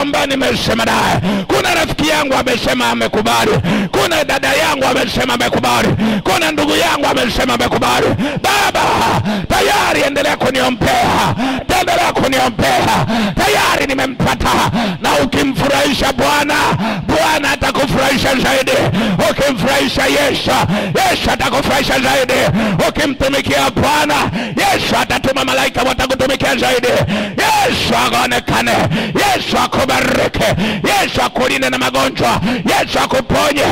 ambaye nimesema naye. Kuna rafiki yangu amesema amekubali, kuna dada yangu amesema amekubali, kuna ndugu yangu amesema amekubali. Baba tayari endelea kuniombea, endelea kuniombea, tayari nimempata. Na ukimfurahisha Bwana, Bwana atakufurahisha zaidi. Ukimfurahisha Yesu, Yesu atakufurahisha zaidi. Ukimtumikia Bwana, Yesu atatuma malaika watakutumikia zaidi. Yesu akaonekane, Yesu akubariki, Yesu akulinde na magonjwa, Yesu akuponye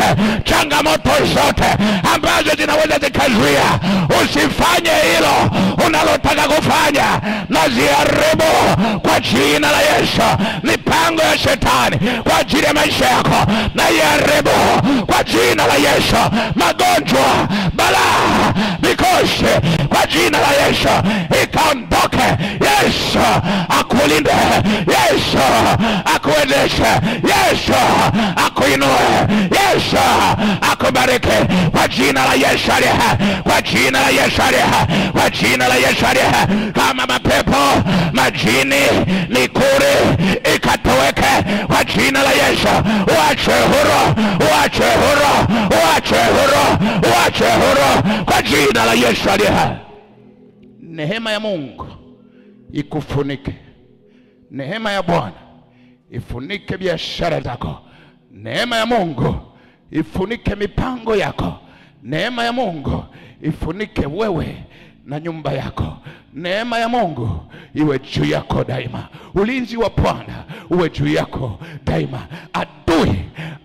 changamoto zote ambazo zinaweza zikazuia usifanye hilo unalotaka kufanya, na ziharibu kwa jina la Yesu mipango ya shetani kwa ajili ya maisha yako, na iharibu kwa jina la Yesu magonjwa, balaa, mikosi kwa jina la Yesu ikaondoke. Yesu akulinde, Yesu akuendeshe, Yesu akuinue, Yesu akubariki kwa jina la Yesu aliye hai, kwa jina la Yesu aliye hai, kwa jina la Yesu aliye hai. Kama mapepo majini mikuri ikatoweke kwa jina la Yesu. uache huru, uache huru, uache huru, uache huru kwa jina la Yesu aliye hai. ya Mungu ikufunike. Neema ya Bwana ifunike biashara zako. Neema ya Mungu ifunike mipango yako. Neema ya Mungu ifunike wewe na nyumba yako. Neema ya Mungu iwe juu yako daima. Ulinzi wa Bwana uwe juu yako daima. Adui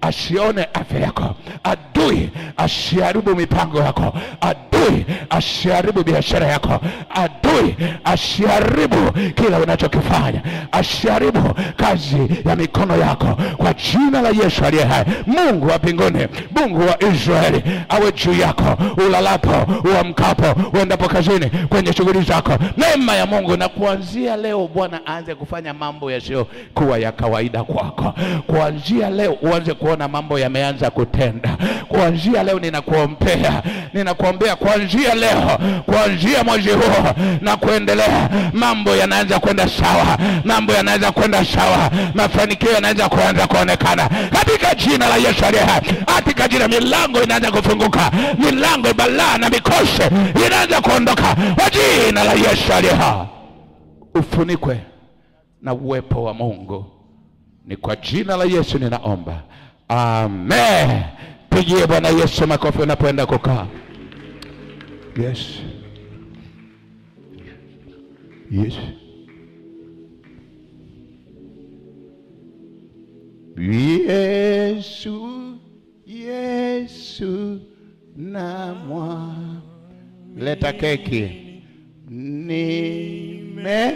asione afya yako, adui asiharibu mipango yako, adui Adui asiharibu biashara yako, adui asiharibu kila unachokifanya, asiharibu kazi ya mikono yako, kwa jina la Yesu aliye hai. Mungu wa mbinguni, Mungu wa Israeli awe juu yako, ulalapo, uamkapo, uendapo kazini, kwenye shughuli zako. Neema ya Mungu na kuanzia leo, Bwana aanze kufanya mambo yasiyokuwa ya kawaida kwako. Kuanzia leo uanze kuona mambo yameanza kutenda kuanzia leo ninakuombea, ninakuombea kuanzia leo, kuanzia mwezi huu na kuendelea, mambo yanaanza kwenda sawa, mambo yanaanza kwenda sawa, mafanikio yanaanza kuanza kuonekana katika jina la Yesu aliye hai. Katika jina milango inaanza kufunguka, milango balaa na mikose inaanza kuondoka kwa jina la Yesu aliye hai. Ufunikwe na uwepo wa Mungu. Ni kwa jina la Yesu ninaomba, amen. Mpigie Bwana Yesu makofi unapoenda kukaa. Yes. Yes. Yesu, Yesu na mwa leta keki. Nime